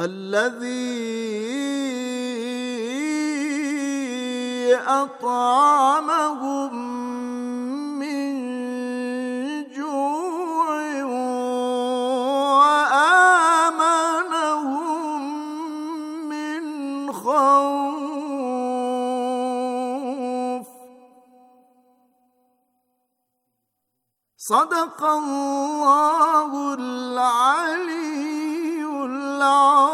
الذي اطعمهم من جوع وامنهم من خوف صدق الله العلي العظيم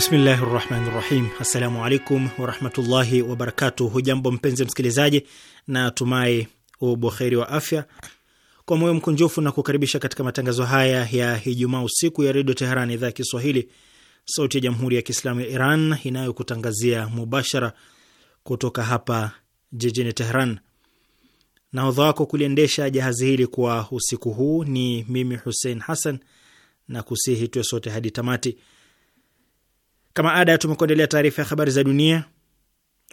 Bismillahi rahmani rahim. Assalamu alaikum warahmatullahi wabarakatu. Hujambo mpenzi msikilizaji, na tumai ubuheri wa afya. Kwa moyo mkunjufu na kukaribisha katika matangazo haya ya Ijumaa usiku ya Redio Teheran, idhaa ya Kiswahili, sauti ya Jamhuri ya Kiislamu ya Iran inayokutangazia mubashara kutoka hapa jijini Teheran. Nahodha wako kuliendesha jahazi hili kwa usiku huu ni mimi Hussein Hassan, na kusihi tuwe sote hadi tamati kama ada, tumekuandalia taarifa ya habari za dunia,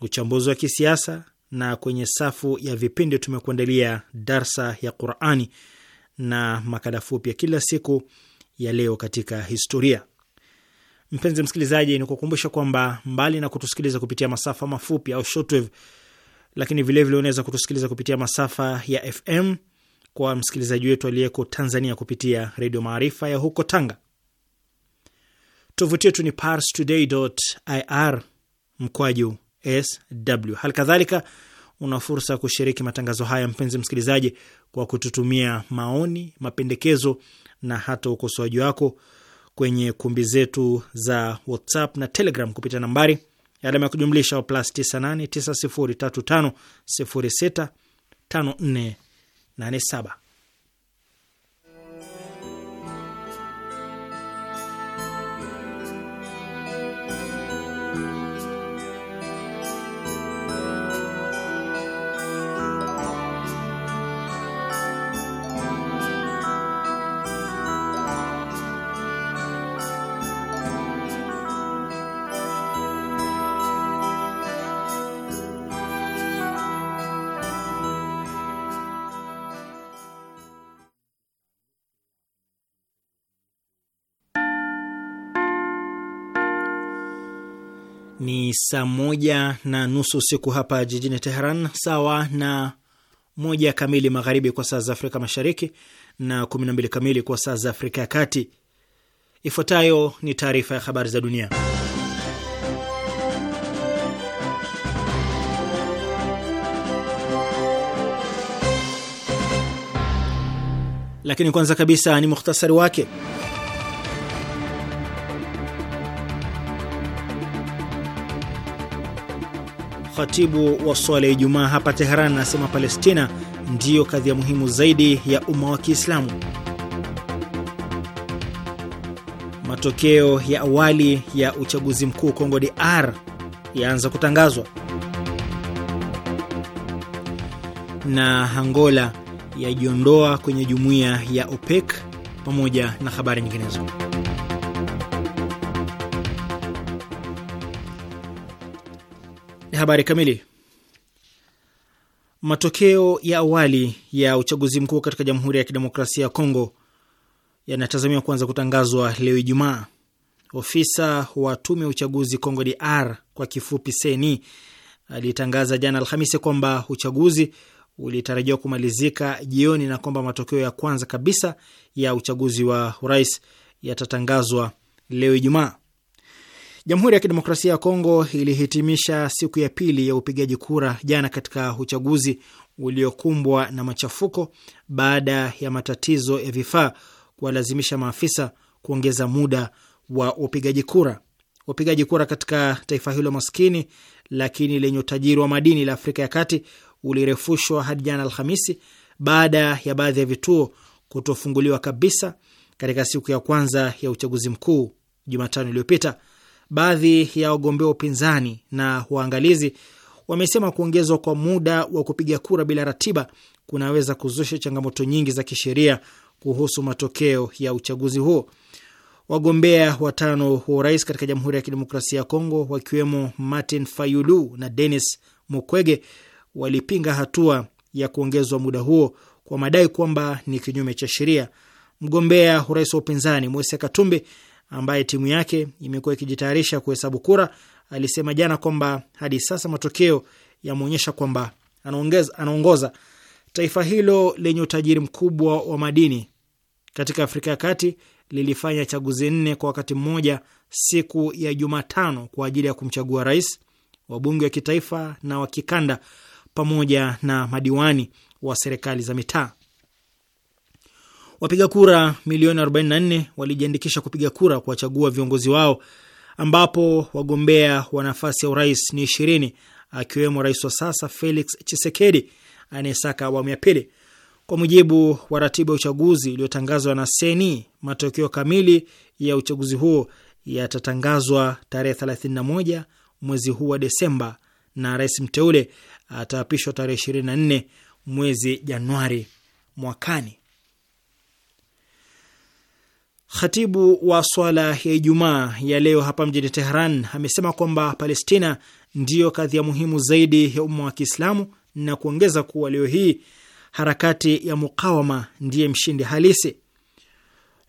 uchambuzi wa kisiasa, na kwenye safu ya vipindi tumekuandalia darsa ya Qurani na makala fupi ya kila siku ya leo katika historia. Mpenzi msikilizaji, ni kukumbusha kwamba mbali na kutusikiliza kupitia masafa mafupi au shortwave, lakini vilevile unaweza kutusikiliza kupitia masafa ya FM kwa msikilizaji wetu aliyeko Tanzania kupitia Redio Maarifa ya huko Tanga. Tovuti yetu ni parstoday.ir mkwaju sw. Hali kadhalika una fursa ya kushiriki matangazo haya, mpenzi msikilizaji, kwa kututumia maoni, mapendekezo na hata ukosoaji wako kwenye kumbi zetu za WhatsApp na Telegram kupitia nambari ya alama ya kujumlisha wa plus 98 9035065487. saa moja na nusu usiku hapa jijini Teheran, sawa na moja kamili magharibi kwa saa za Afrika Mashariki na 12 kamili kwa saa za Afrika ya Kati. Ifuatayo ni taarifa ya habari za dunia, lakini kwanza kabisa ni muhtasari wake. Khatibu wa swala ya Ijumaa hapa Teheran anasema Palestina ndiyo kadhia muhimu zaidi ya umma wa Kiislamu. Matokeo ya awali ya uchaguzi mkuu Kongo DR yaanza kutangazwa, na Angola yajiondoa kwenye jumuiya ya OPEC, pamoja na habari nyinginezo. Habari kamili. Matokeo ya awali ya uchaguzi mkuu katika Jamhuri ya Kidemokrasia ya Kongo yanatazamiwa kuanza kutangazwa leo Ijumaa. Ofisa wa tume ya uchaguzi Kongo DR kwa kifupi CENI alitangaza jana Alhamisi kwamba uchaguzi ulitarajiwa kumalizika jioni na kwamba matokeo ya kwanza kabisa ya uchaguzi wa urais yatatangazwa leo Ijumaa. Jamhuri ya Kidemokrasia ya Kongo ilihitimisha siku ya pili ya upigaji kura jana katika uchaguzi uliokumbwa na machafuko baada ya matatizo ya vifaa kuwalazimisha maafisa kuongeza muda wa upigaji kura. Wapigaji kura katika taifa hilo maskini lakini lenye utajiri wa madini la Afrika ya Kati ulirefushwa hadi jana Alhamisi baada ya baadhi ya vituo kutofunguliwa kabisa katika siku ya kwanza ya uchaguzi mkuu Jumatano iliyopita baadhi ya wagombea upinzani na waangalizi wamesema kuongezwa kwa muda wa kupiga kura bila ratiba kunaweza kuzusha changamoto nyingi za kisheria kuhusu matokeo ya uchaguzi huo. Wagombea watano wa urais katika Jamhuri ya Kidemokrasia ya Kongo, wakiwemo Martin Fayulu na Denis Mukwege, walipinga hatua ya kuongezwa muda huo kwa madai kwamba ni kinyume cha sheria. Mgombea urais wa upinzani Moise Katumbi ambaye timu yake imekuwa ikijitayarisha kuhesabu kura, alisema jana kwamba hadi sasa matokeo yameonyesha kwamba anaongoza taifa hilo lenye utajiri mkubwa wa madini katika Afrika ya Kati lilifanya chaguzi nne kwa wakati mmoja siku ya Jumatano kwa ajili ya kumchagua rais, wabunge wa kitaifa na wa kikanda, pamoja na madiwani wa serikali za mitaa. Wapiga kura milioni 44 walijiandikisha kupiga kura kuwachagua viongozi wao, ambapo wagombea wa nafasi ya urais ni ishirini, akiwemo rais wa sasa Felix Chisekedi anayesaka awamu ya pili. Kwa mujibu wa ratiba ya uchaguzi iliyotangazwa na Seni, matokeo kamili ya uchaguzi huo yatatangazwa tarehe 31 mwezi huu wa Desemba, na rais mteule ataapishwa tarehe 24 mwezi Januari mwakani. Khatibu wa swala ya Ijumaa ya leo hapa mjini Tehran amesema kwamba Palestina ndiyo kadhia muhimu zaidi ya umma wa Kiislamu na kuongeza kuwa leo hii harakati ya mukawama ndiye mshindi halisi.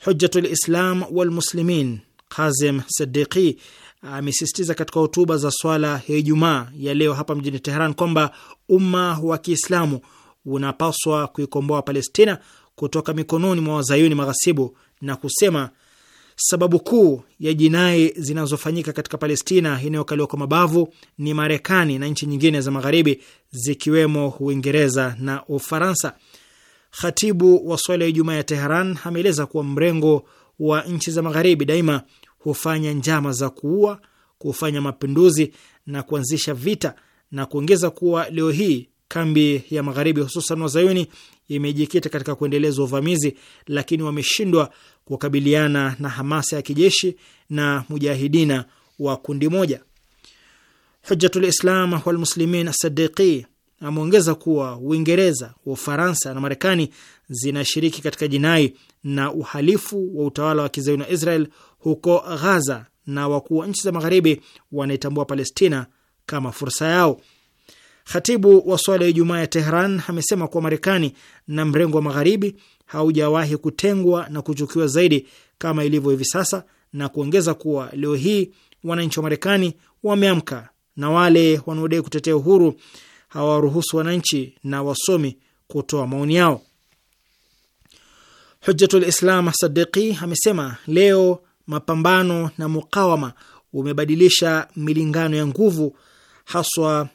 Hujjatul Islam walmuslimin kazim Kazem Sadiqi amesisitiza katika hotuba za swala ya Ijumaa ya leo hapa mjini Tehran kwamba umma wa Kiislamu unapaswa kuikomboa Palestina kutoka mikononi mwa wazayuni maghasibu na kusema sababu kuu ya jinai zinazofanyika katika Palestina inayokaliwa kwa mabavu ni Marekani na nchi nyingine za Magharibi zikiwemo Uingereza na Ufaransa. Khatibu wa swala ya Ijumaa ya Teheran ameeleza kuwa mrengo wa nchi za Magharibi daima hufanya njama za kuua, kufanya mapinduzi na kuanzisha vita, na kuongeza kuwa leo hii kambi ya magharibi hususan wazayuni imejikita katika kuendeleza uvamizi, lakini wameshindwa kukabiliana na hamasa ya kijeshi na mujahidina wa kundi moja. Hujjatul Islam Walmuslimin Asadiqi ameongeza kuwa Uingereza, Ufaransa na Marekani zinashiriki katika jinai na uhalifu wa utawala wa kizayuni wa Israel huko Ghaza, na wakuu wa nchi za magharibi wanaitambua Palestina kama fursa yao. Khatibu wa swala ya Ijumaa ya Tehran amesema kuwa Marekani na mrengo wa magharibi haujawahi kutengwa na kuchukiwa zaidi kama ilivyo hivi sasa, na kuongeza kuwa leo hii wananchi wa Marekani wameamka na wale wanaodai kutetea uhuru hawaruhusu wananchi na wasomi kutoa maoni yao. Hujjatul Islam Sadiqi amesema leo mapambano na mukawama umebadilisha milingano ya nguvu haswa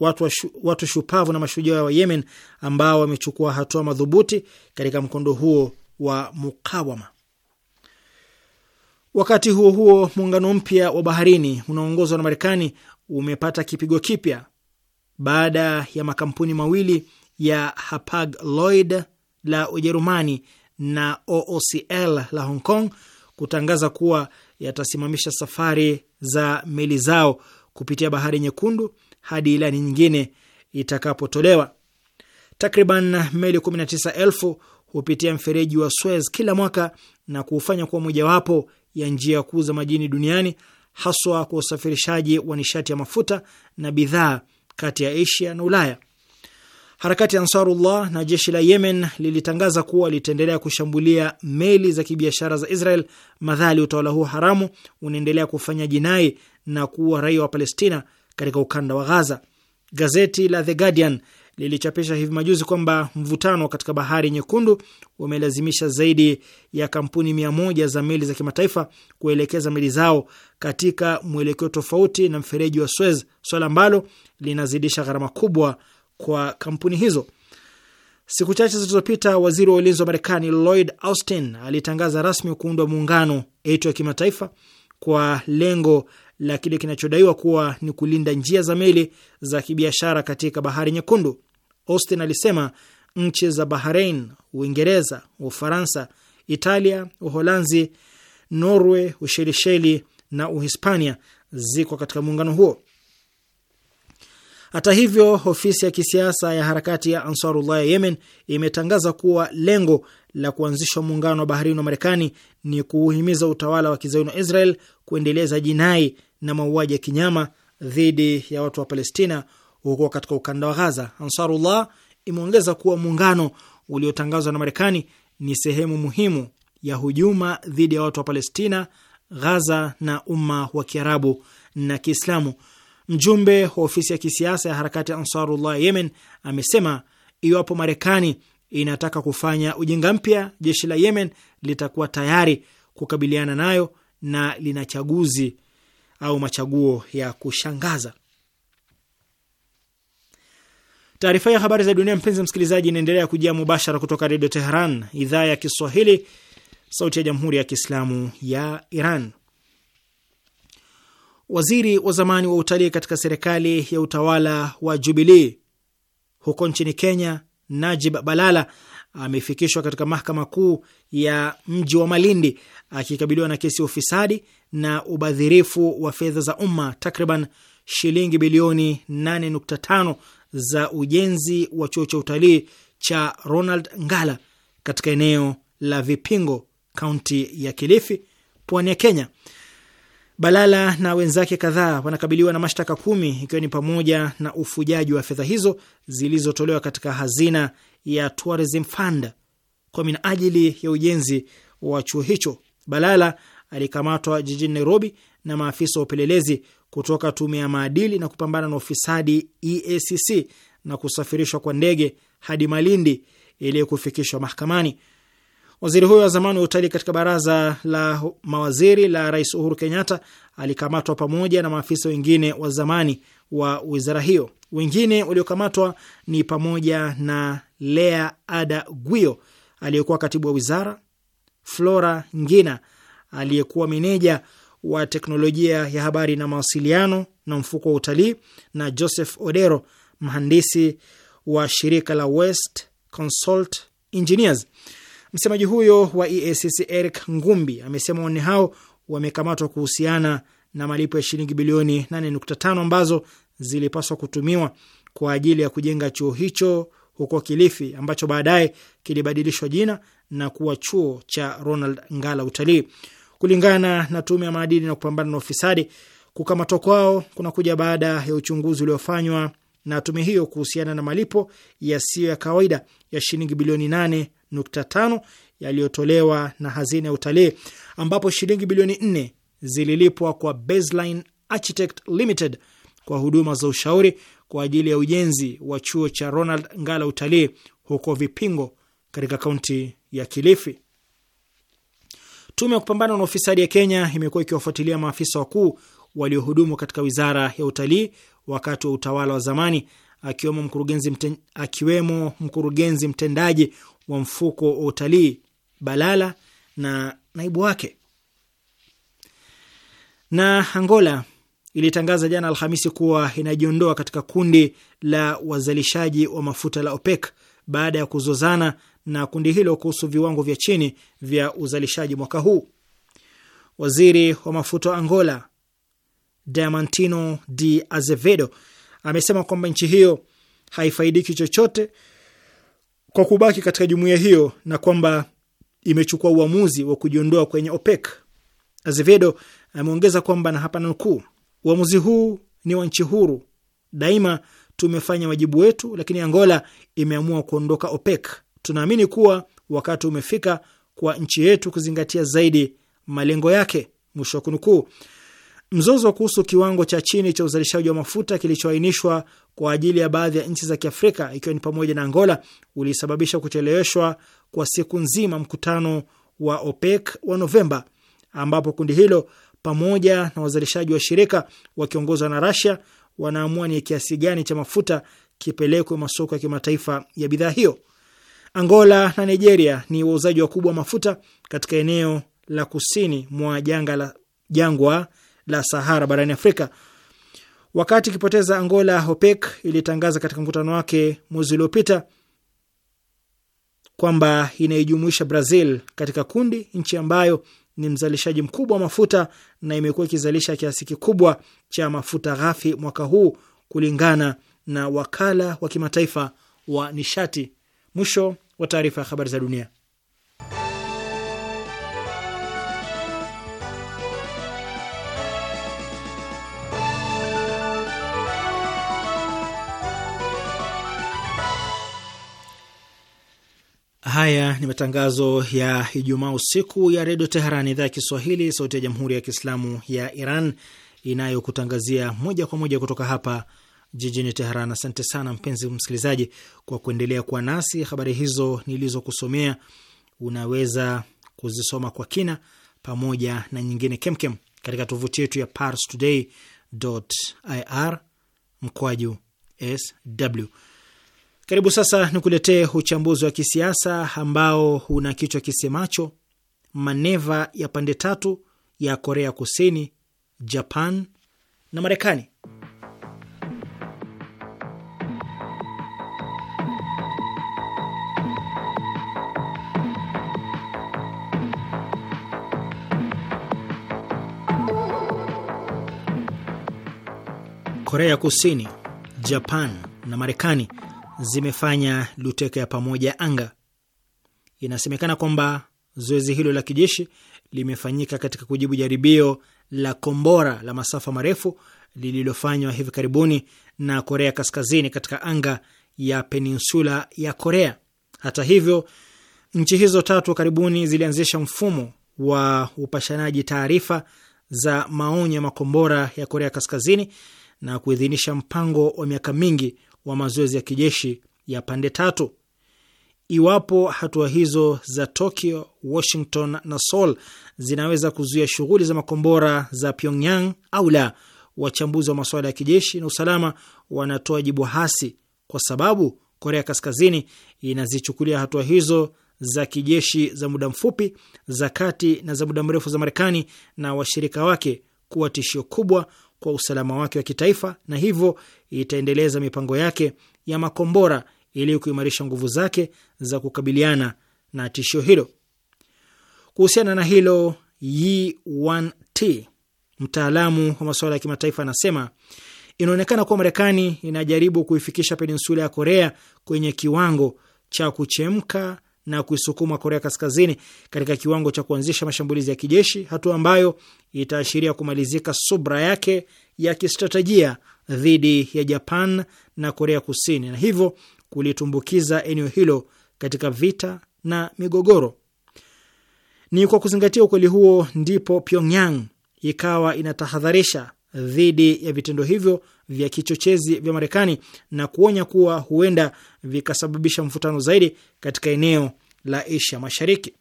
watu, watu shupavu na mashujaa wa Yemen ambao wamechukua hatua madhubuti katika mkondo huo wa mukawama. Wakati huo huo, muungano mpya wa baharini unaoongozwa na Marekani umepata kipigo kipya baada ya makampuni mawili ya Hapag Lloyd la Ujerumani na OOCL la Hong Kong kutangaza kuwa yatasimamisha safari za meli zao kupitia Bahari Nyekundu hadi ilani nyingine itakapotolewa. Takriban meli 19,000 hupitia mfereji wa Suez kila mwaka na kuufanya kuwa mojawapo ya njia kuu za majini duniani, haswa kwa usafirishaji wa nishati ya mafuta na bidhaa kati ya Asia na Ulaya. Harakati ya Ansarullah na jeshi la Yemen lilitangaza kuwa litaendelea kushambulia meli za kibiashara za Israel madhali utawala huo haramu unaendelea kufanya jinai na kuua raia wa Palestina katika ukanda wa Ghaza. Gazeti la The Guardian lilichapisha hivi majuzi kwamba mvutano katika Bahari Nyekundu umelazimisha zaidi ya kampuni mia moja za meli za kimataifa kuelekeza meli zao katika mwelekeo tofauti na mfereji wa Suez, swala ambalo linazidisha gharama kubwa kwa kampuni hizo. Siku chache zilizopita, waziri wa ulinzi wa Marekani Lloyd Austin alitangaza rasmi kuundwa muungano eito ya kimataifa kwa lengo la kile kinachodaiwa kuwa ni kulinda njia za meli za kibiashara katika bahari Nyekundu. Austin alisema nchi za Bahrain, Uingereza, Ufaransa, Italia, Uholanzi, Norway, Ushelisheli na Uhispania ziko katika muungano huo. Hata hivyo, ofisi ya kisiasa ya harakati ya Ansarullah ya Yemen imetangaza kuwa lengo la kuanzishwa muungano wa baharini wa Marekani ni kuuhimiza utawala wa kizayuni wa Israel kuendeleza jinai na mauaji ya kinyama dhidi ya watu wa Palestina huko katika ukanda wa Ghaza. Ansarullah imeongeza kuwa muungano uliotangazwa na Marekani ni sehemu muhimu ya hujuma dhidi ya watu wa Palestina, Ghaza na umma wa Kiarabu na Kiislamu. Mjumbe wa ofisi ya kisiasa ya harakati ya Ansarullah Yemen amesema iwapo Marekani inataka kufanya ujinga mpya, jeshi la Yemen litakuwa tayari kukabiliana nayo na lina chaguzi au machaguo ya kushangaza. Taarifa ya habari za dunia, mpenzi msikilizaji, inaendelea kujia mubashara kutoka Redio Teheran, idhaa ya Kiswahili, sauti ya jamhuri ya kiislamu ya Iran waziri wa zamani wa utalii katika serikali ya utawala wa Jubilii. Huko nchini Kenya, Najib Balala amefikishwa katika mahakama kuu ya mji wa Malindi akikabiliwa na kesi ya ufisadi na ubadhirifu wa fedha za umma takriban shilingi bilioni 8.5 za ujenzi wa chuo cha utalii cha Ronald Ngala katika eneo la Vipingo, kaunti ya Kilifi, pwani ya Kenya. Balala na wenzake kadhaa wanakabiliwa na mashtaka kumi ikiwa ni pamoja na ufujaji wa fedha hizo zilizotolewa katika hazina ya Tourism Fund kwa minajili ya ujenzi wa chuo hicho. Balala alikamatwa jijini Nairobi na maafisa wa upelelezi kutoka tume ya maadili na kupambana na ufisadi EACC na kusafirishwa kwa ndege hadi Malindi ili kufikishwa mahakamani. Waziri huyo wa zamani wa utalii katika baraza la mawaziri la Rais Uhuru Kenyatta alikamatwa pamoja na maafisa wengine wa zamani wa wizara hiyo. Wengine waliokamatwa ni pamoja na Lea Ada Guio aliyekuwa katibu wa wizara, Flora Ngina aliyekuwa meneja wa teknolojia ya habari na mawasiliano na mfuko wa utalii, na Joseph Odero, mhandisi wa shirika la West Consult Engineers. Msemaji huyo wa EACC Eric Ngumbi amesema wanne hao wamekamatwa kuhusiana na malipo ya shilingi bilioni 8.5 ambazo zilipaswa kutumiwa kwa ajili ya kujenga chuo hicho huko Kilifi ambacho baadaye kilibadilishwa jina na kuwa chuo cha Ronald Ngala Utalii. Kulingana na Tume ya Maadili na Kupambana na Ufisadi, kukamatwa kwao kunakuja baada ya uchunguzi uliofanywa na tume hiyo kuhusiana na malipo yasiyo ya kawaida ya shilingi bilioni 8.5 yaliyotolewa na hazina ya utalii, ambapo shilingi bilioni 4 zililipwa kwa Baseline Architect Limited kwa huduma za ushauri kwa ajili ya ujenzi wa chuo cha Ronald Ngala utalii huko Vipingo katika kaunti ya Kilifi. Tume ya kupambana na ufisadi ya Kenya imekuwa ikiwafuatilia maafisa wakuu waliohudumu katika wizara ya utalii wakati wa utawala wa zamani, akiwemo mkurugenzi, mten, akiwemo mkurugenzi mtendaji wa mfuko wa utalii Balala na naibu wake. Na Angola ilitangaza jana Alhamisi kuwa inajiondoa katika kundi la wazalishaji wa mafuta la OPEC baada ya kuzozana na kundi hilo kuhusu viwango vya chini vya uzalishaji mwaka huu. Waziri wa mafuta wa Angola Diamantino Di Azevedo amesema kwamba nchi hiyo haifaidiki chochote kwa kubaki katika jumuiya hiyo na kwamba imechukua uamuzi wa kujiondoa kwenye OPEC. Azevedo ameongeza kwamba na hapa nukuu, uamuzi huu ni wa nchi huru, daima tumefanya wajibu wetu, lakini Angola imeamua kuondoka OPEC. Tunaamini kuwa wakati umefika kwa nchi yetu kuzingatia zaidi malengo yake, mwisho wa kunukuu. Mzozo kuhusu kiwango cha chini cha uzalishaji wa mafuta kilichoainishwa kwa ajili ya baadhi ya nchi za Kiafrika ikiwa ni pamoja na Angola ulisababisha kucheleweshwa kwa siku nzima mkutano wa OPEC wa Novemba, ambapo kundi hilo pamoja na wazalishaji wa shirika wakiongozwa na Russia wanaamua ni kiasi gani cha mafuta kipelekwe masoko ya kimataifa ya bidhaa hiyo. Angola na Nigeria ni wauzaji wakubwa wa mafuta katika eneo la kusini mwa jangwa la Sahara barani Afrika. Wakati ikipoteza Angola, OPEC ilitangaza katika mkutano wake mwezi uliopita kwamba inaijumuisha Brazil katika kundi, nchi ambayo ni mzalishaji mkubwa wa mafuta na imekuwa ikizalisha kiasi kikubwa cha mafuta ghafi mwaka huu kulingana na wakala wa kimataifa wa nishati. Mwisho wa taarifa ya habari za dunia. Haya ni matangazo ya Ijumaa usiku ya Redio Teheran, idhaa ya Kiswahili, sauti ya Jamhuri ya Kiislamu ya Iran inayokutangazia moja kwa moja kutoka hapa jijini Teheran. Asante sana mpenzi msikilizaji kwa kuendelea kuwa nasi. Habari hizo nilizokusomea unaweza kuzisoma kwa kina pamoja na nyingine kemkem katika tovuti yetu ya parstoday.ir mkwaju sw karibu sasa nikuletee uchambuzi wa kisiasa ambao una kichwa kisemacho maneva ya pande tatu ya Korea Kusini, Japan na Marekani. Korea Kusini, Japan na Marekani zimefanya luteka ya pamoja anga. Inasemekana kwamba zoezi hilo la kijeshi limefanyika katika kujibu jaribio la kombora la masafa marefu lililofanywa hivi karibuni na Korea Kaskazini katika anga ya peninsula ya Korea. Hata hivyo, nchi hizo tatu karibuni zilianzisha mfumo wa upashanaji taarifa za maonyo ya makombora ya Korea Kaskazini na kuidhinisha mpango wa miaka mingi wa mazoezi ya kijeshi ya pande tatu. Iwapo hatua hizo za Tokyo, Washington na Seoul zinaweza kuzuia shughuli za makombora za Pyongyang au la, wachambuzi wa masuala ya kijeshi na usalama wanatoa jibu hasi, kwa sababu Korea Kaskazini inazichukulia hatua hizo za kijeshi za muda mfupi, za kati na za muda mrefu za Marekani na washirika wake kuwa tishio kubwa kwa usalama wake wa kitaifa na hivyo itaendeleza mipango yake ya makombora ili kuimarisha nguvu zake za kukabiliana na tishio hilo. Kuhusiana na hilo, 1 t mtaalamu wa masuala ya kimataifa anasema inaonekana kuwa Marekani inajaribu kuifikisha peninsula ya Korea kwenye kiwango cha kuchemka na kuisukuma Korea Kaskazini katika kiwango cha kuanzisha mashambulizi ya kijeshi, hatua ambayo itaashiria kumalizika subra yake ya kistratejia dhidi ya Japan na Korea Kusini, na hivyo kulitumbukiza eneo hilo katika vita na migogoro. Ni kwa kuzingatia ukweli huo ndipo Pyongyang ikawa inatahadharisha dhidi ya vitendo hivyo vya kichochezi vya Marekani na kuonya kuwa huenda vikasababisha mvutano zaidi katika eneo la Asia Mashariki.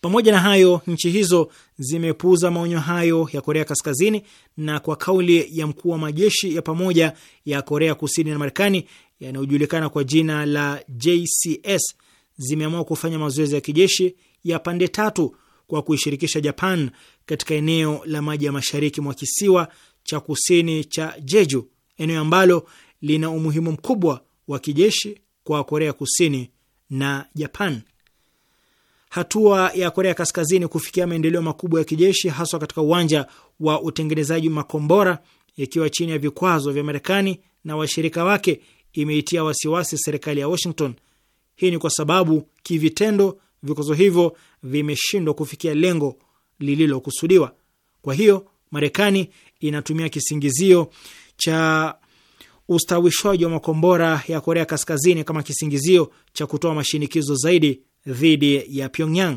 Pamoja na hayo, nchi hizo zimepuuza maonyo hayo ya Korea Kaskazini na kwa kauli ya mkuu wa majeshi ya pamoja ya Korea Kusini na Marekani yanayojulikana kwa jina la JCS zimeamua kufanya mazoezi ya kijeshi ya pande tatu kwa kuishirikisha Japan katika eneo la maji ya mashariki mwa kisiwa cha kusini cha Jeju, eneo ambalo lina umuhimu mkubwa wa kijeshi kwa Korea Kusini na Japan. Hatua ya Korea Kaskazini kufikia maendeleo makubwa ya kijeshi haswa katika uwanja wa utengenezaji makombora ikiwa chini ya vikwazo vya Marekani na washirika wake imeitia wasiwasi serikali ya Washington. Hii ni kwa sababu kivitendo vikwazo hivyo vimeshindwa kufikia lengo lililokusudiwa. Kwa hiyo Marekani inatumia kisingizio cha ustawishwaji wa makombora ya Korea Kaskazini kama kisingizio cha kutoa mashinikizo zaidi dhidi ya Pyongyang.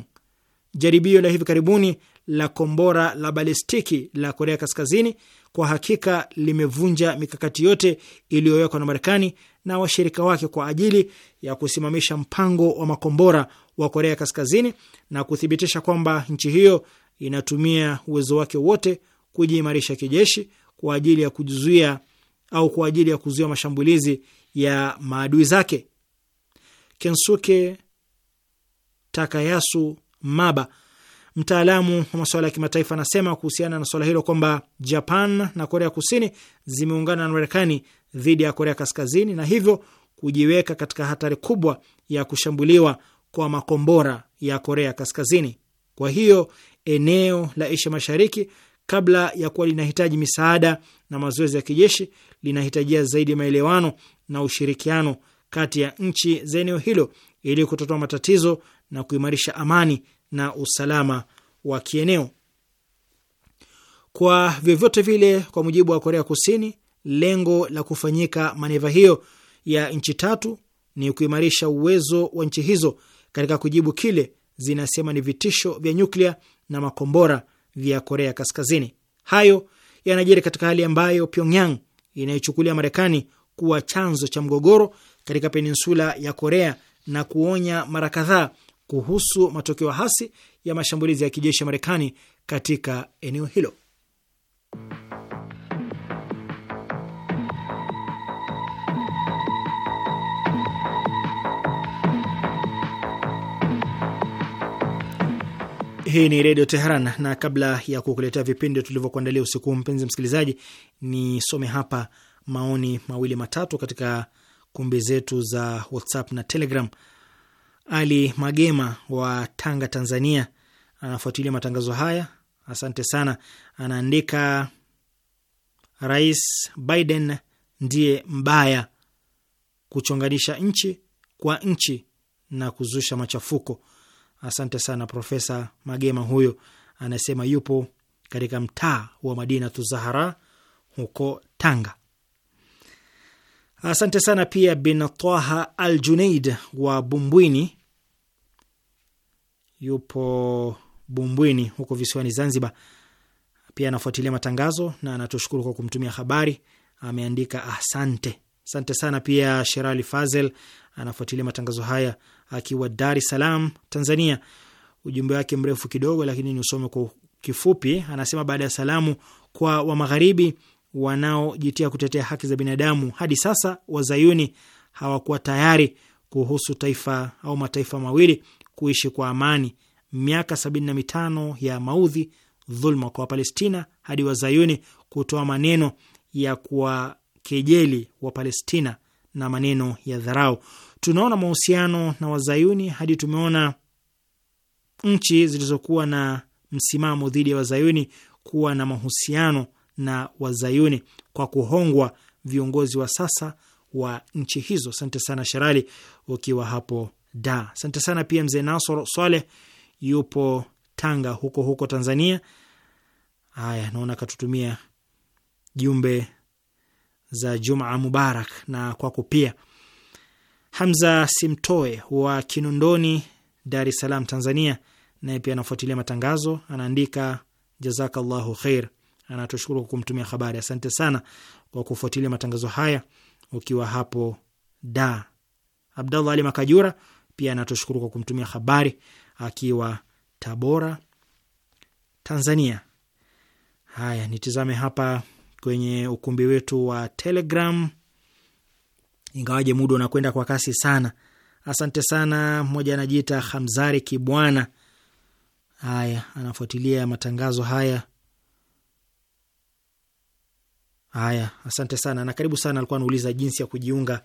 Jaribio la hivi karibuni la kombora la balistiki la Korea Kaskazini kwa hakika limevunja mikakati yote iliyowekwa na Marekani na washirika wake kwa ajili ya kusimamisha mpango wa makombora wa Korea Kaskazini na kuthibitisha kwamba nchi hiyo inatumia uwezo wake wote kujiimarisha kijeshi kwa ajili ya kujizuia au kwa ajili ya kuzuia mashambulizi ya maadui zake. Kensuke Takayasu Maba, mtaalamu wa masuala ya kimataifa, anasema kuhusiana na swala hilo kwamba Japan na Korea Kusini zimeungana na Marekani dhidi ya Korea Kaskazini na hivyo kujiweka katika hatari kubwa ya kushambuliwa kwa makombora ya Korea Kaskazini. Kwa hiyo eneo la Asia Mashariki kabla ya kuwa linahitaji misaada na mazoezi ya kijeshi, linahitajia zaidi maelewano na ushirikiano kati ya nchi za eneo hilo ili kutatua matatizo na kuimarisha amani na usalama wa kieneo. Kwa vyovyote vile, kwa mujibu wa Korea Kusini, lengo la kufanyika maneva hiyo ya nchi tatu ni kuimarisha uwezo wa nchi hizo katika kujibu kile zinasema ni vitisho vya nyuklia na makombora vya Korea Kaskazini. Hayo yanajiri katika hali ambayo Pyongyang inayochukulia Marekani kuwa chanzo cha mgogoro katika peninsula ya Korea na kuonya mara kadhaa kuhusu matokeo hasi ya mashambulizi ya kijeshi ya Marekani katika eneo hilo. Hii ni Redio Teheran, na kabla ya kukuletea vipindi tulivyokuandalia usiku, mpenzi msikilizaji, nisome hapa maoni mawili matatu katika kumbi zetu za WhatsApp na Telegram. Ali Magema wa Tanga, Tanzania, anafuatilia matangazo haya, asante sana. Anaandika, Rais Biden ndiye mbaya kuchonganisha nchi kwa nchi na kuzusha machafuko. Asante sana Profesa Magema. Huyo anasema yupo katika mtaa wa Madina Tuzahara huko Tanga. Asante sana pia Bin Taha Al Junaid wa Bumbwini, yupo Bumbwini huko visiwani Zanzibar. Pia anafuatilia matangazo na anatushukuru kwa kumtumia habari, ameandika asante. Asante sana pia Sherali Fazel anafuatilia matangazo haya akiwa Dar es Salaam, Tanzania. Ujumbe wake mrefu kidogo, lakini ni usome kwa kifupi. Anasema baada ya salamu, kwa wa magharibi wanaojitia kutetea haki za binadamu, hadi sasa wazayuni hawakuwa tayari kuhusu taifa au mataifa mawili kuishi kwa amani. Miaka sabini na mitano ya maudhi, dhulma kwa Wapalestina hadi wazayuni kutoa maneno ya kuwakejeli Wapalestina na maneno ya dharau tunaona mahusiano na wazayuni hadi tumeona nchi zilizokuwa na msimamo dhidi ya wazayuni kuwa na mahusiano na wazayuni kwa kuhongwa viongozi wa sasa wa nchi hizo. Asante sana Sherali ukiwa hapo da. Asante sana pia mzee Nasor Swaleh yupo Tanga huko huko Tanzania. Haya, naona katutumia jumbe za Jumaa Mubarak na kwako pia. Hamza Simtoe wa Kinondoni, Dar es Salaam, Tanzania, naye pia anafuatilia matangazo, anaandika jazakallahu khair, anatushukuru kwa kumtumia habari. Asante sana kwa kufuatilia matangazo haya ukiwa hapo da. Abdallah Ali Makajura pia anatushukuru kwa kumtumia habari akiwa Tabora, Tanzania. Haya, nitizame hapa kwenye ukumbi wetu wa Telegram ingawaje muda unakwenda kwa kasi sana. Asante sana. Mmoja anajiita Hamzari Kibwana, haya anafuatilia matangazo haya. Haya, asante sana na karibu sana. Alikuwa anauliza jinsi ya kujiunga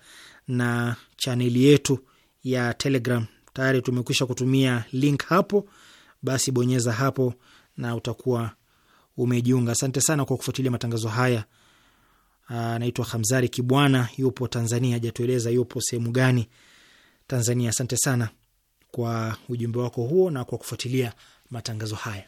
na chaneli yetu ya Telegram. Tayari tumekwisha kutumia link hapo, basi bonyeza hapo na utakuwa umejiunga. Asante sana kwa kufuatilia matangazo haya anaitwa Hamzari Kibwana, yupo Tanzania, hajatueleza yupo sehemu gani Tanzania. Asante sana kwa ujumbe wako huo na kwa kufuatilia matangazo haya.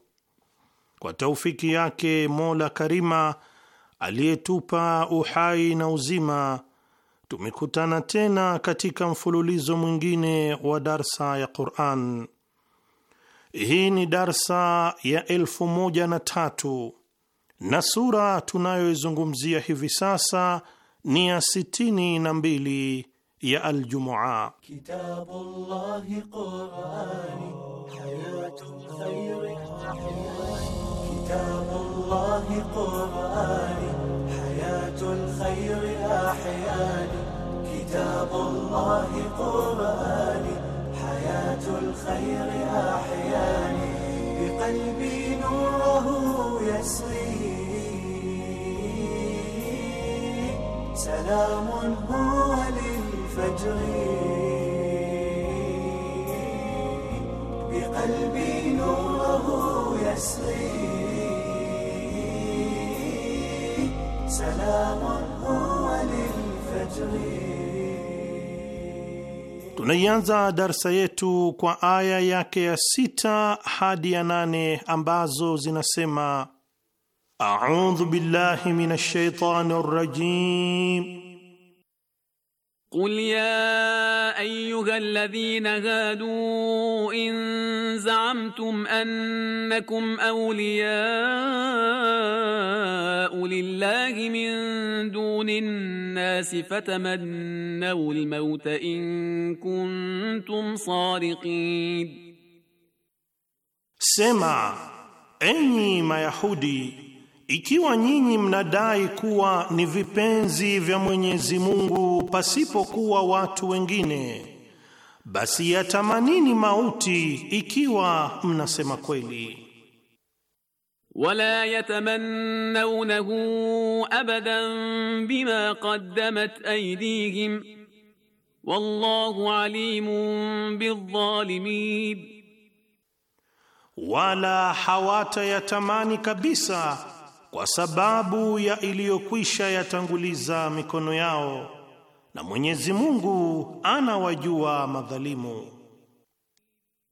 kwa taufiki yake Mola Karima aliyetupa uhai na uzima, tumekutana tena katika mfululizo mwingine wa darsa ya Quran. Hii ni darsa ya elfu moja na tatu na sura tunayoizungumzia hivi sasa ni ya sitini na mbili ya Aljumua. Kitabullahi Qurani hayatun khairin كتاب الله قرآني حياة الخير أحياني كتاب الله قرآني حياة الخير أحياني بقلبي نوره يسري سلام هو للفجر بقلبي نوره يسري Tunaianza darsa yetu kwa aya yake ya sita hadi ya nane ambazo zinasema: A'udhu billahi minash shaitani rajim قل يا ايها الذين هادوا ان زعمتم انكم اولياء لله من دون الناس فتمنوا الموت ان كنتم صادقين سمع ما يحودي Ikiwa nyinyi mnadai kuwa ni vipenzi vya Mwenyezi Mungu pasipokuwa watu wengine, basi yatamanini mauti ikiwa mnasema kweli. Wala yatamannawnahu abadan bima qaddamat aydihim wallahu alimun bidh-dhalimin, wala hawatayatamani kabisa kwa sababu ya iliyokwisha yatanguliza mikono yao na Mwenyezi Mungu anawajua madhalimu.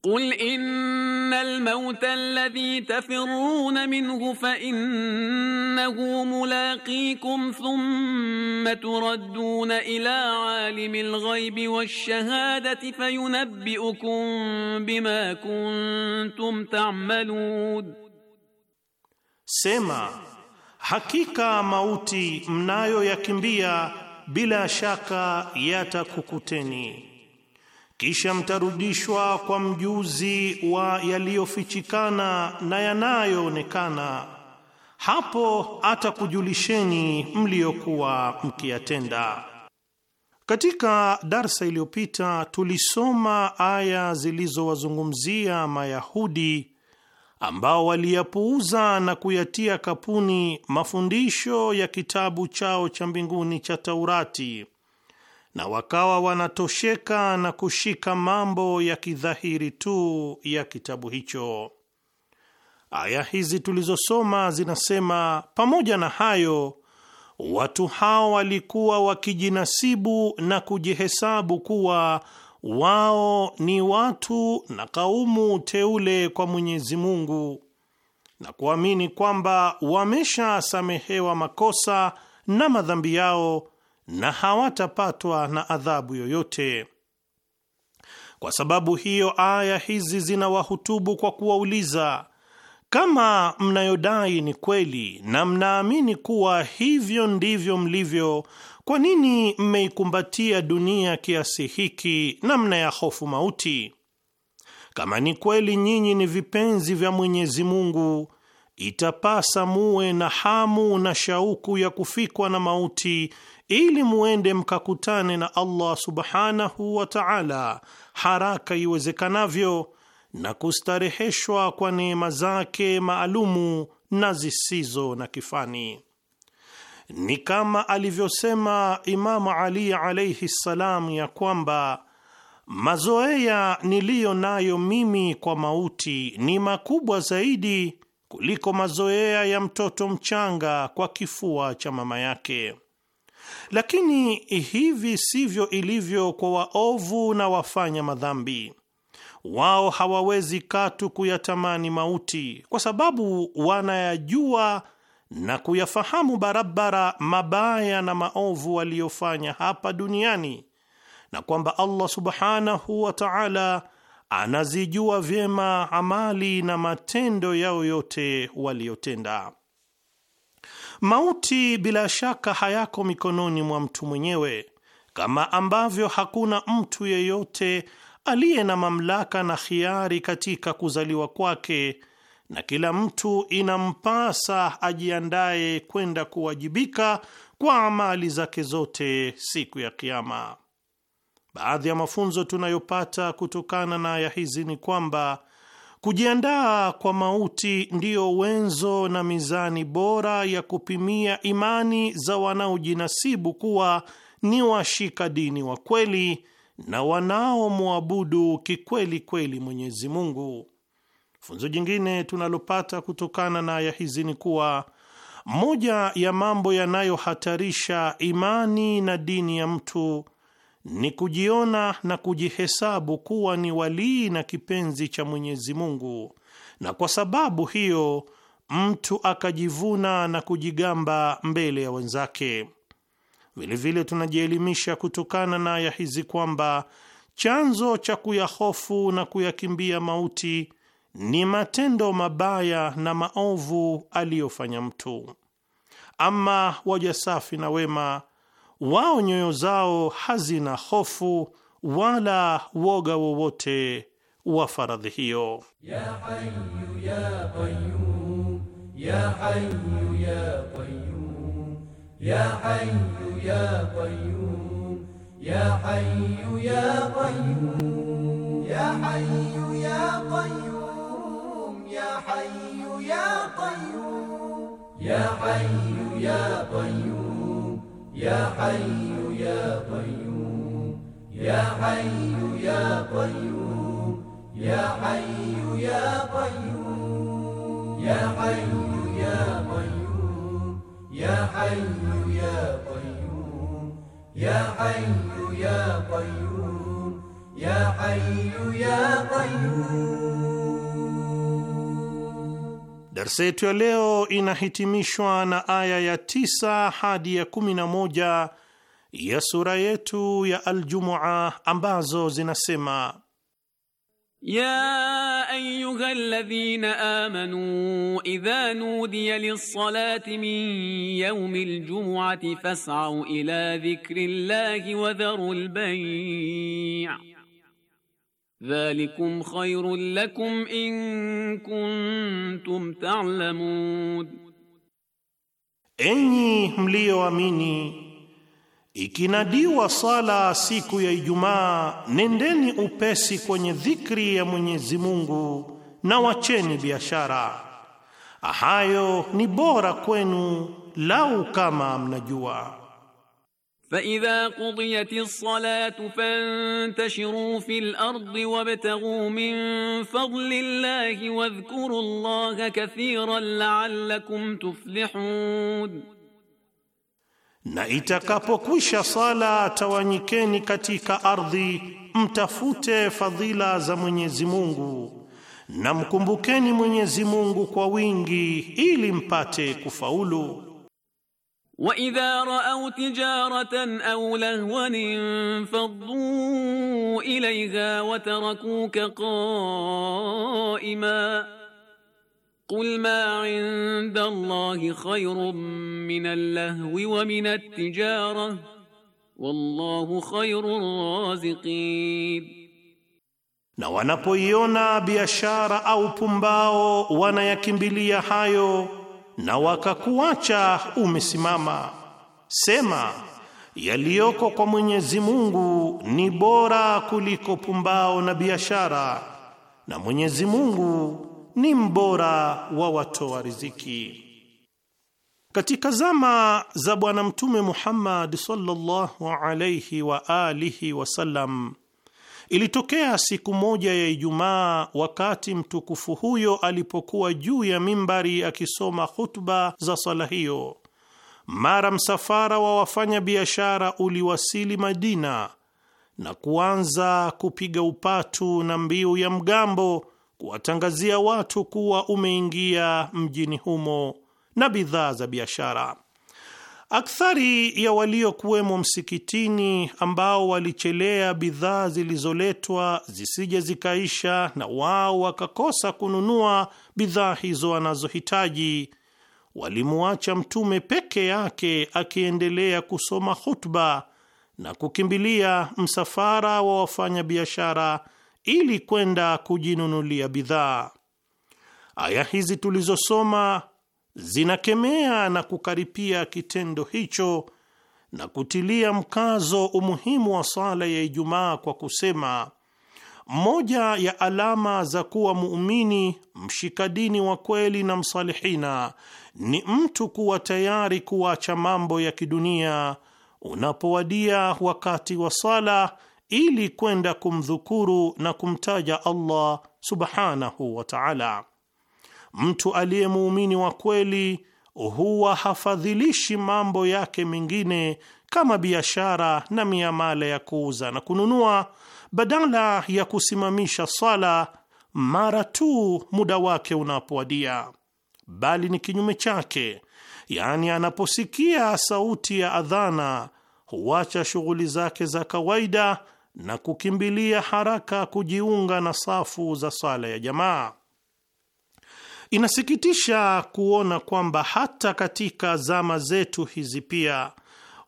Qul innal mauta alladhi tafirruna minhu fa innahu mulaqikum thumma turadduna ila alimil ghaibi wash-shahadati fayunabbi'ukum bima kuntum ta'malun Sema, hakika mauti mnayoyakimbia bila shaka yatakukuteni, kisha mtarudishwa kwa mjuzi wa yaliyofichikana na yanayoonekana, hapo atakujulisheni mliokuwa mkiyatenda. Katika darsa iliyopita tulisoma aya zilizowazungumzia Mayahudi ambao waliyapuuza na kuyatia kapuni mafundisho ya kitabu chao cha mbinguni cha Taurati na wakawa wanatosheka na kushika mambo ya kidhahiri tu ya kitabu hicho. Aya hizi tulizosoma zinasema, pamoja na hayo watu hao walikuwa wakijinasibu na kujihesabu kuwa wao ni watu na kaumu teule kwa Mwenyezi Mungu na kuamini kwamba wameshasamehewa makosa na madhambi yao na hawatapatwa na adhabu yoyote. Kwa sababu hiyo, aya hizi zinawahutubu kwa kuwauliza kama mnayodai ni kweli na mnaamini kuwa hivyo ndivyo mlivyo, kwa nini mmeikumbatia dunia kiasi hiki na mnayahofu mauti? Kama ni kweli nyinyi ni vipenzi vya Mwenyezi Mungu, itapasa muwe na hamu na shauku ya kufikwa na mauti ili muende mkakutane na Allah subhanahu wa ta'ala haraka iwezekanavyo na kustareheshwa kwa neema zake maalumu na zisizo na kifani. Ni kama alivyosema Imamu Ali alaihi ssalam, ya kwamba mazoea niliyo nayo mimi kwa mauti ni makubwa zaidi kuliko mazoea ya mtoto mchanga kwa kifua cha mama yake. Lakini hivi sivyo ilivyo kwa waovu na wafanya madhambi wao hawawezi katu kuyatamani mauti, kwa sababu wanayajua na kuyafahamu barabara mabaya na maovu waliyofanya hapa duniani, na kwamba Allah subhanahu wa ta'ala anazijua vyema amali na matendo yao yote waliyotenda. Mauti bila shaka hayako mikononi mwa mtu mwenyewe, kama ambavyo hakuna mtu yeyote aliye na mamlaka na khiari katika kuzaliwa kwake, na kila mtu inampasa ajiandaye kwenda kuwajibika kwa amali zake zote siku ya Kiama. Baadhi ya mafunzo tunayopata kutokana na aya hizi ni kwamba kujiandaa kwa mauti ndiyo wenzo na mizani bora ya kupimia imani za wanaojinasibu kuwa ni washika dini wa kweli na wanaomwabudu kikweli kweli Mwenyezi Mungu. Funzo jingine tunalopata kutokana na aya hizi ni kuwa moja ya mambo yanayohatarisha imani na dini ya mtu ni kujiona na kujihesabu kuwa ni walii na kipenzi cha Mwenyezi Mungu, na kwa sababu hiyo mtu akajivuna na kujigamba mbele ya wenzake. Vilevile tunajielimisha kutokana na aya hizi kwamba chanzo cha kuyahofu na kuyakimbia mauti ni matendo mabaya na maovu aliyofanya mtu. Ama waja safi na wema, wao nyoyo zao hazina hofu wala woga wowote wa faradhi hiyo. ya hayu, ya hayu, ya hayu, ya hayu. يا حي يا قيوم يا حي يا قيوم يا حي يا قيوم يا حي يا قيوم يا حي يا قيوم يا حي يا قيوم يا حي يا قيوم يا حي يا قيوم يا حي يا قيوم Darsa yetu ya leo inahitimishwa na aya ya tisa hadi ya kumi na moja ya sura yetu ya Aljumua ambazo zinasema يا ايها الذين امنوا اذا نودي للصلاه من يوم الجمعه فاسعوا الى ذكر الله وذروا البيع ذلكم خير لكم ان كنتم تعلمون Ikinadiwa sala siku ya Ijumaa, nendeni upesi kwenye dhikri ya Mwenyezi Mungu na wacheni biashara. Hayo ni bora kwenu lau kama mnajua. فإذا قضيت الصلاة فانتشروا في الأرض وابتغوا من فضل الله واذكروا الله كثيرا لعلكم تفلحون na itakapokwisha sala tawanyikeni katika ardhi mtafute fadhila za Mwenyezi Mungu na mkumbukeni Mwenyezi Mungu kwa wingi ili mpate kufaulu. Wa idha ra'aw tijaratan aw lahwan faddu ilayha wa tarakuka qa'ima قل ما عند الله خير من اللهو ومن التجارة والله خير الرازقين na wanapoiona biashara au pumbao wanayakimbilia hayo na wakakuacha umesimama sema yaliyoko kwa Mwenyezi Mungu ni bora kuliko pumbao na biashara na Mwenyezi Mungu ni mbora wa watoa riziki. Katika zama za Bwana Mtume Muhammad sallallahu alayhi wa alihi wasallam, ilitokea siku moja ya Ijumaa, wakati mtukufu huyo alipokuwa juu ya mimbari akisoma khutba za sala hiyo, mara msafara wa wafanya biashara uliwasili Madina na kuanza kupiga upatu na mbiu ya mgambo kuwatangazia watu kuwa umeingia mjini humo na bidhaa za biashara. Akthari ya waliokuwemo msikitini ambao walichelea bidhaa zilizoletwa zisije zikaisha na wao wakakosa kununua bidhaa hizo wanazohitaji, walimwacha Mtume peke yake akiendelea kusoma khutba na kukimbilia msafara wa wafanyabiashara ili kwenda kujinunulia bidhaa. Aya hizi tulizosoma zinakemea na kukaripia kitendo hicho na kutilia mkazo umuhimu wa sala ya Ijumaa kwa kusema, moja ya alama za kuwa muumini mshikadini wa kweli na msalihina ni mtu kuwa tayari kuacha mambo ya kidunia unapowadia wakati wa sala ili kwenda kumdhukuru na kumtaja Allah subhanahu wa ta'ala. Mtu aliye muumini wa kweli huwa hafadhilishi mambo yake mengine kama biashara na miamala ya kuuza na kununua, badala ya kusimamisha swala mara tu muda wake unapowadia, bali ni kinyume chake, yaani anaposikia sauti ya adhana huacha shughuli zake za kawaida na kukimbilia haraka kujiunga na safu za sala ya jamaa. Inasikitisha kuona kwamba hata katika zama zetu hizi pia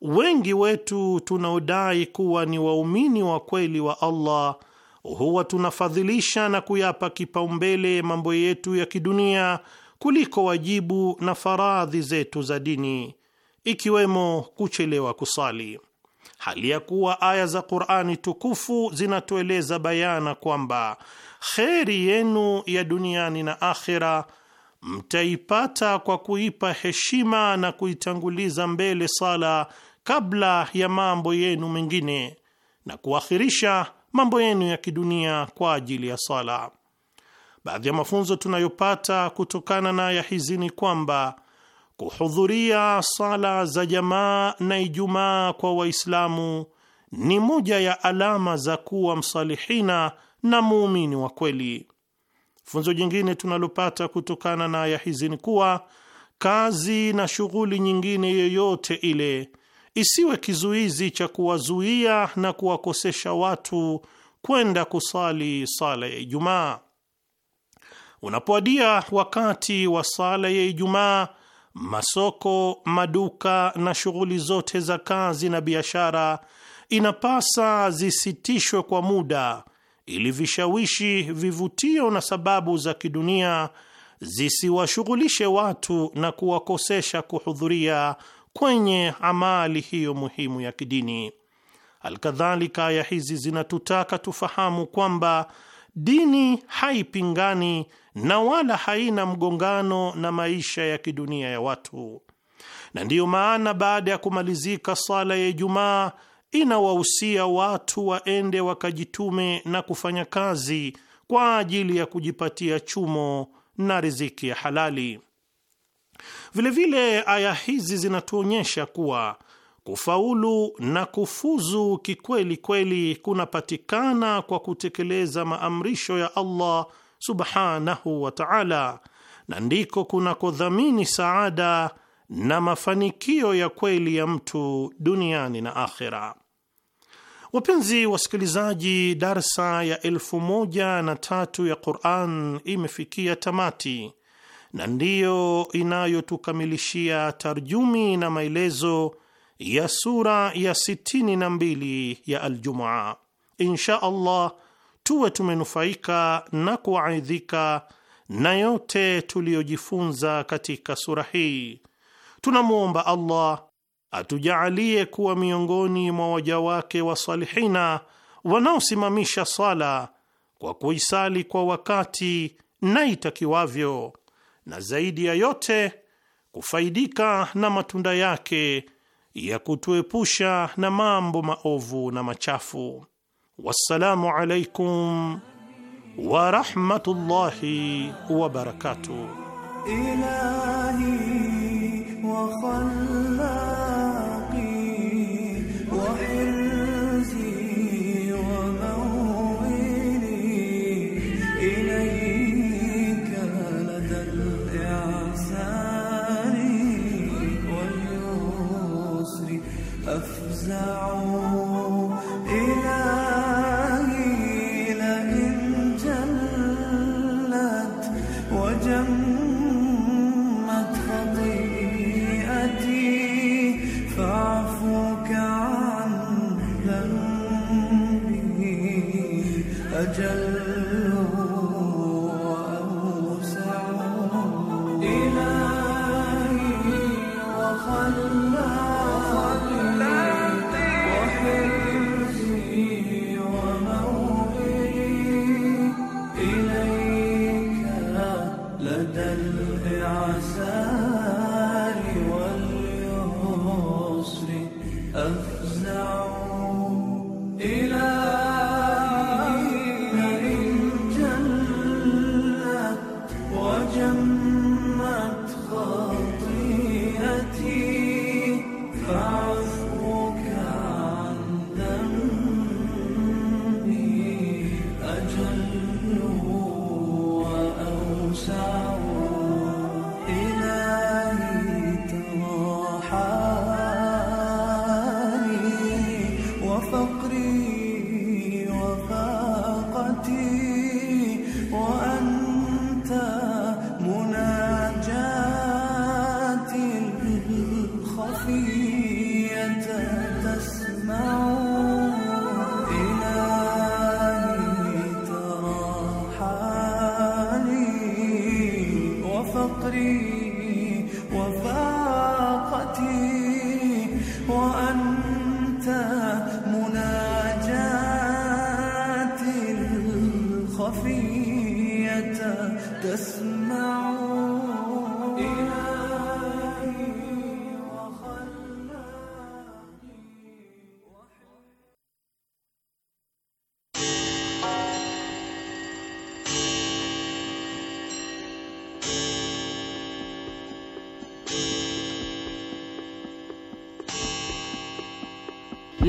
wengi wetu tunaodai kuwa ni waumini wa kweli wa Allah huwa tunafadhilisha na kuyapa kipaumbele mambo yetu ya kidunia kuliko wajibu na faradhi zetu za dini, ikiwemo kuchelewa kusali hali ya kuwa aya za Qur'ani tukufu zinatueleza bayana kwamba kheri yenu ya duniani na akhira mtaipata kwa kuipa heshima na kuitanguliza mbele sala kabla ya mambo yenu mengine na kuakhirisha mambo yenu ya kidunia kwa ajili ya sala. Baadhi ya mafunzo tunayopata kutokana na aya hizi ni kwamba Kuhudhuria sala za jamaa na Ijumaa kwa Waislamu ni moja ya alama za kuwa msalihina na muumini wa kweli. Funzo jingine tunalopata kutokana na aya hizi ni kuwa kazi na shughuli nyingine yoyote ile isiwe kizuizi cha kuwazuia na kuwakosesha watu kwenda kusali sala ya Ijumaa. Unapoadia wakati wa sala ya Ijumaa, masoko, maduka na shughuli zote za kazi na biashara inapasa zisitishwe kwa muda ili vishawishi, vivutio na sababu za kidunia zisiwashughulishe watu na kuwakosesha kuhudhuria kwenye amali hiyo muhimu ya kidini. Alkadhalika, aya hizi zinatutaka tufahamu kwamba dini haipingani na wala haina mgongano na maisha ya kidunia ya watu, na ndiyo maana baada ya kumalizika sala ya Ijumaa inawahusia watu waende wakajitume na kufanya kazi kwa ajili ya kujipatia chumo na riziki ya halali. Vilevile, aya hizi zinatuonyesha kuwa kufaulu na kufuzu kikweli kweli kunapatikana kwa kutekeleza maamrisho ya Allah subhanahu wa taala, na ndiko kunakodhamini saada na mafanikio ya kweli ya mtu duniani na akhira Wapenzi wasikilizaji, darsa ya elfu moja na tatu ya Quran imefikia tamati na ndiyo inayotukamilishia tarjumi na maelezo ya sura ya sitini na mbili ya Aljumua. Insha Allah tuwe tumenufaika na kuaidhika na yote tuliyojifunza katika sura hii. Tunamwomba Allah atujaalie kuwa miongoni mwa waja wake wasalihina wanaosimamisha sala kwa kuisali kwa wakati na itakiwavyo, na zaidi ya yote kufaidika na matunda yake ya kutuepusha na mambo maovu na machafu. والسلام عليكم ورحمة الله وبركاته إلهي وخلاك Yeah.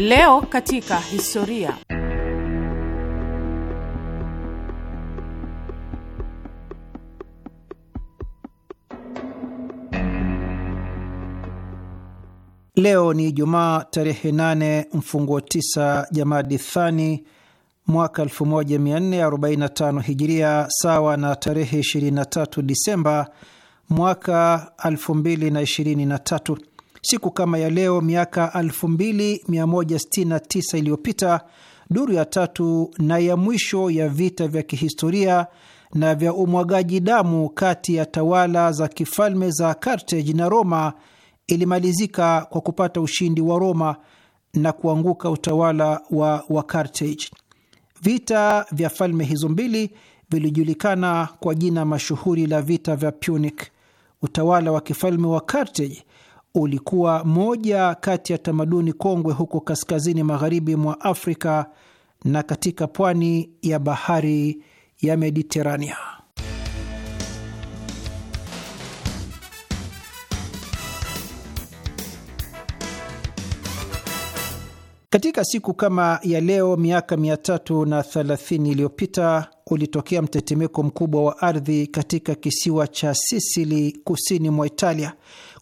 Leo katika historia. Leo ni Ijumaa tarehe 8 mfunguo 9 Jamadi Thani mwaka 1445 Hijiria, sawa na tarehe 23 Disemba mwaka 2023. Siku kama ya leo miaka 2169 iliyopita, duru ya tatu na ya mwisho ya vita vya kihistoria na vya umwagaji damu kati ya tawala za kifalme za Carthage na Roma ilimalizika kwa kupata ushindi wa Roma na kuanguka utawala wa wa Carthage. Vita vya falme hizo mbili vilijulikana kwa jina mashuhuri la vita vya Punic. Utawala wa kifalme wa Carthage ulikuwa moja kati ya tamaduni kongwe huko kaskazini magharibi mwa Afrika na katika pwani ya bahari ya Mediterania. Katika siku kama ya leo miaka 330 iliyopita ulitokea mtetemeko mkubwa wa ardhi katika kisiwa cha Sisili kusini mwa Italia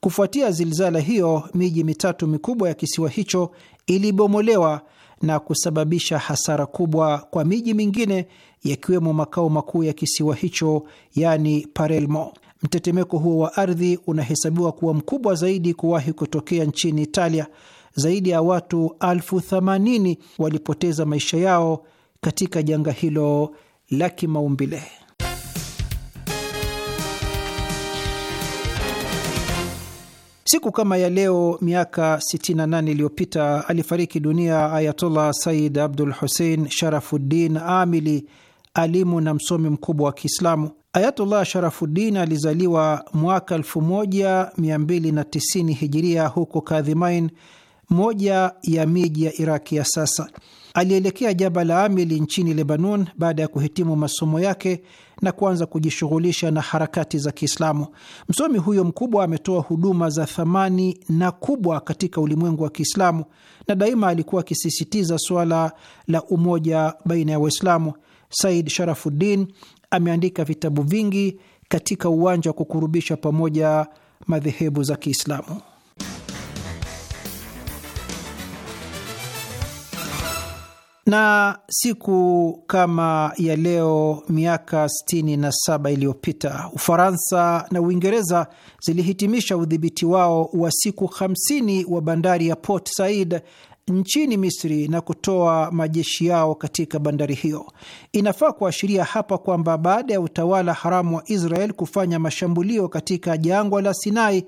Kufuatia zilzala hiyo, miji mitatu mikubwa ya kisiwa hicho ilibomolewa na kusababisha hasara kubwa kwa miji mingine yakiwemo makao makuu ya kisiwa hicho, yani Palermo. Mtetemeko huo wa ardhi unahesabiwa kuwa mkubwa zaidi kuwahi kutokea nchini Italia. Zaidi ya watu elfu themanini walipoteza maisha yao katika janga hilo la kimaumbile. Siku kama ya leo miaka 68 iliyopita alifariki dunia Ayatollah Said Abdul Hussein Sharafuddin Amili, alimu na msomi mkubwa wa Kiislamu. Ayatullah Sharafuddin alizaliwa mwaka 1290 hijiria huko Kadhimain, moja ya miji ya Iraki ya sasa. Alielekea Jabal Amili nchini Lebanon baada ya kuhitimu masomo yake na kuanza kujishughulisha na harakati za Kiislamu. Msomi huyo mkubwa ametoa huduma za thamani na kubwa katika ulimwengu wa Kiislamu, na daima alikuwa akisisitiza suala la umoja baina ya Waislamu. Said Sharafuddin ameandika vitabu vingi katika uwanja wa kukurubisha pamoja madhehebu za Kiislamu. na siku kama ya leo miaka 67 iliyopita Ufaransa na Uingereza zilihitimisha udhibiti wao wa siku 50 wa bandari ya Port Said nchini Misri na kutoa majeshi yao katika bandari hiyo. Inafaa kuashiria hapa kwamba baada ya utawala haramu wa Israel kufanya mashambulio katika jangwa la Sinai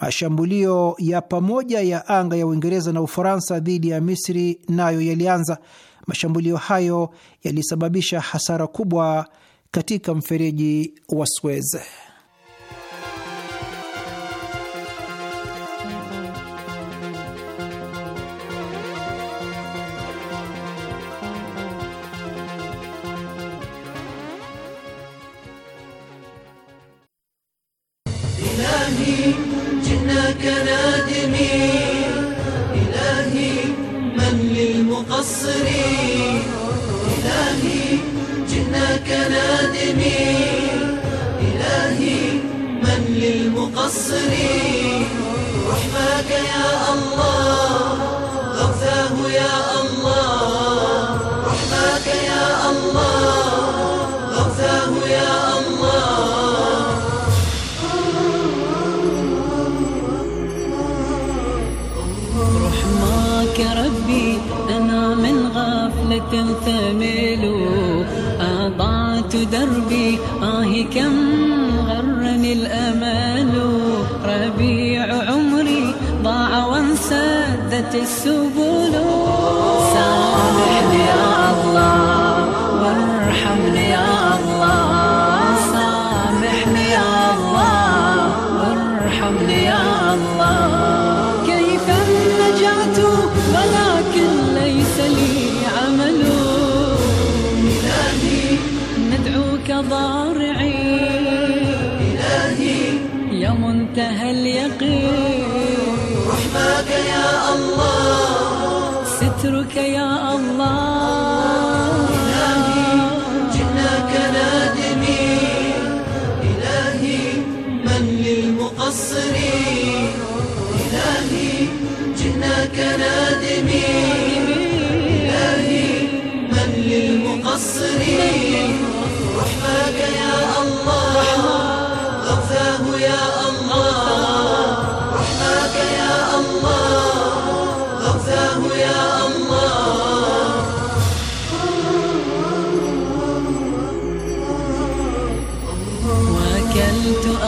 Mashambulio ya pamoja ya anga ya Uingereza na Ufaransa dhidi ya Misri nayo yalianza. Mashambulio hayo yalisababisha hasara kubwa katika mfereji wa Suez. ناصري إلهي جئنا كنادمين إلهي من للمقصرين تنثمل أضعت دربي آه كم غرني الأمل ربيع عمري ضاع وانسدت السبل ya Allah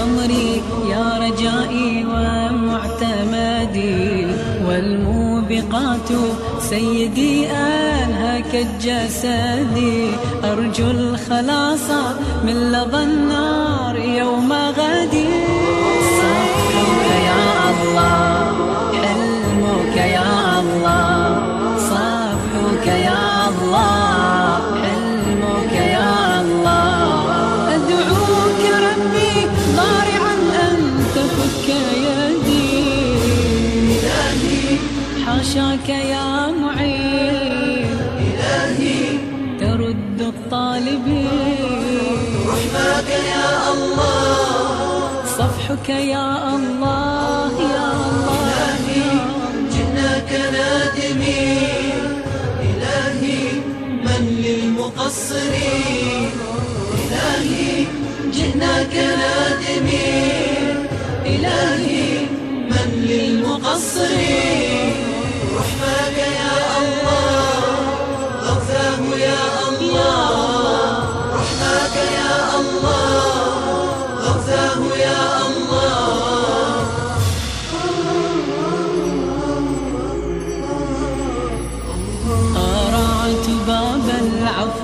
أمري يا رجائي ومعتمدي والموبقات سيدي أنهك جسدي أرجو الخلاص من لظى النار يوم غدي صفوك يا الله حلمك يا الله دعاك يا معين إلهي ترد الطالبين رحمك يا الله صفحك يا الله يا الله إلهي جئناك نادمين إلهي من للمقصرين إلهي جئناك نادمين إلهي من للمقصرين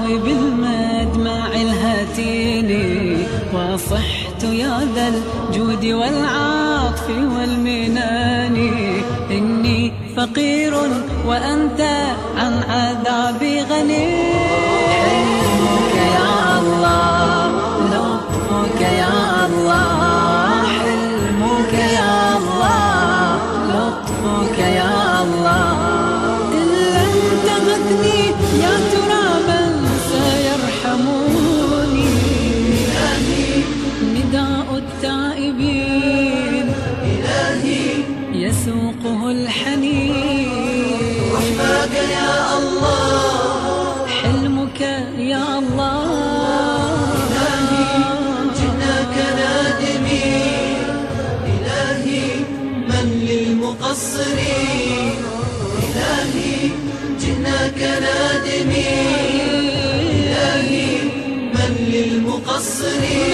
ضاوي طيب بالمدمع الهاتيني وصحت يا ذا الجود والعاطف والمناني إني فقير وأنت عن عذابي غني